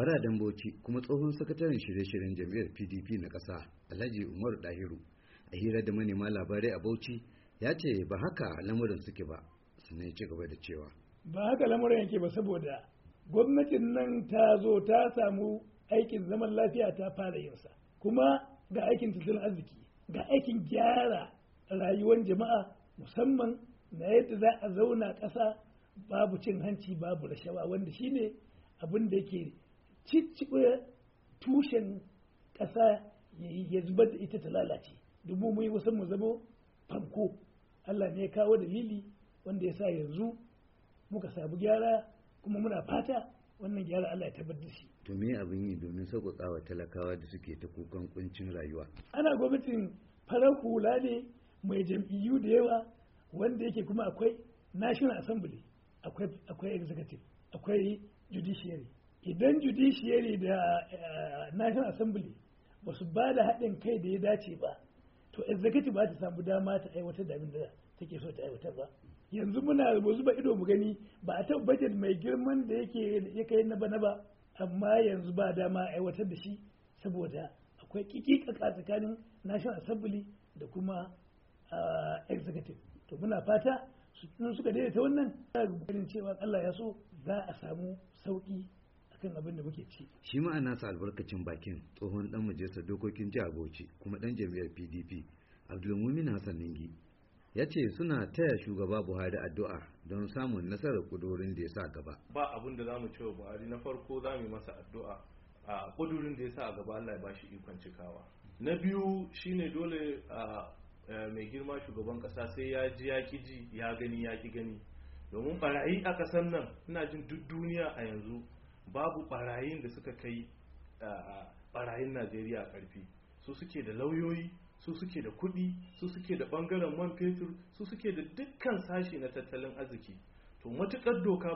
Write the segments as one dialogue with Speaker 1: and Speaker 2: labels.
Speaker 1: Bara Bauchi kuma tsohon sakataren shirye-shiryen jami'ar PDP na ƙasa Alhaji umaru Dahiru a hira da manema labarai a Bauchi ya ce ba haka lamurin suke ba sannan ya ci gaba da cewa.
Speaker 2: Ba haka lamurin yake ba saboda gwamnatin nan ta zo ta samu aikin zaman lafiya ta fara yausa kuma ga aikin tattalin arziki ga aikin gyara rayuwar jama'a musamman na yadda za a zauna ƙasa babu cin hanci babu rashawa wanda shine abin da yake cicciɓe tushen ƙasa ya zubar da ita ta lalace dubu mu yi wasan mu zama fanko Allah ne ya kawo dalili wanda ya sa yanzu muka samu gyara kuma muna fata wannan gyara Allah ya tabbatar da shi
Speaker 1: to me abin yi domin sauƙaƙawa talakawa da suke ta kukan kuncin rayuwa
Speaker 2: ana gwamnatin farar hula ne mai jam'iyyu da yawa wanda yake kuma akwai national assembly akwai akwai executive akwai judiciary idan judiciary da eh, national assembly ba su ba da haɗin kai da ya dace ba to executive ba ta samu dama ta aiwatar da abin da take so ta aiwatar ba yanzu muna mu zuba ido mu gani ba a taɓa budget mai girman da yake ya kai na bana ba amma yanzu ba dama aiwatar da shi saboda akwai kikika tsakanin national assembly da kuma eh, executive to muna fata su suka daidaita wannan ganin cewa Allah ya so za a samu sauki kan abin da muke
Speaker 1: ci shi ma sa albarkacin bakin tsohon dan majalisar dokokin jihar Bauchi kuma dan jami'ar PDP Abdulmumin Hassan Ningi ya ce suna taya shugaba Buhari addu'a don samun nasarar kudurin da ya sa gaba
Speaker 3: ba abin da zamu ce wa Buhari na farko zamu masa addu'a a kudurin da ya sa gaba Allah ya bashi ikon cikawa na biyu shine dole mai girma shugaban kasa sai ya ji ya ji ya gani ya ki gani domin barayi a kasan nan ina jin duk duniya a yanzu babu barayin da suka kai barayin najeriya karfi su suke da lauyoyi su suke da kudi su suke da bangaren man fetur su suke da dukkan sashi na tattalin arziki to matukar doka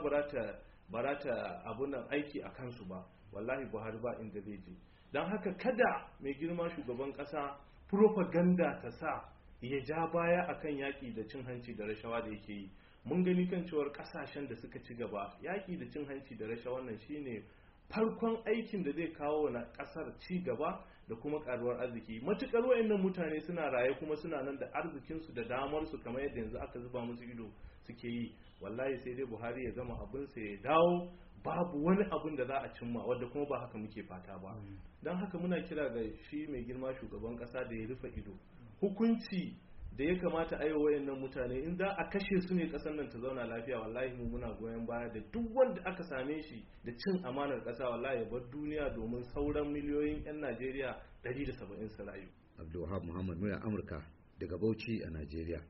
Speaker 3: ba ta abunan aiki a kansu ba wallahi buhari ba inda zai je don haka kada mai girma shugaban kasa propaganda ta sa ya ja baya akan yaƙi da cin hanci da rashawa da yake yi mun gani kan cewar kasashen da suka ci gaba yaƙi da cin hanci da rasha wannan shine farkon aikin da zai kawo na kasar ci gaba da kuma karuwar arziki matukar wayannan mutane suna raye kuma suna nan da arzikinsu da damarsu kamar yadda yanzu aka zuba musu ido suke yi wallahi sai dai buhari ya zama abin sa ya dawo babu wani abin da za a cimma wadda kuma ba haka muke fata ba mm. don haka muna kira ga shi mai girma shugaban kasa da ya rufe ido hukunci da ya kamata a yi wayannan mutane in za a kashe su ne kasar nan ta zauna lafiya wallahi mu muna goyon baya da duk wanda aka same shi da cin amanar kasa wallahi ya bar duniya domin sauran miliyoyin 'yan Najeriya 170 su rayu.
Speaker 1: Abdulwahab Muhammad muryar Amurka daga Bauchi a Najeriya.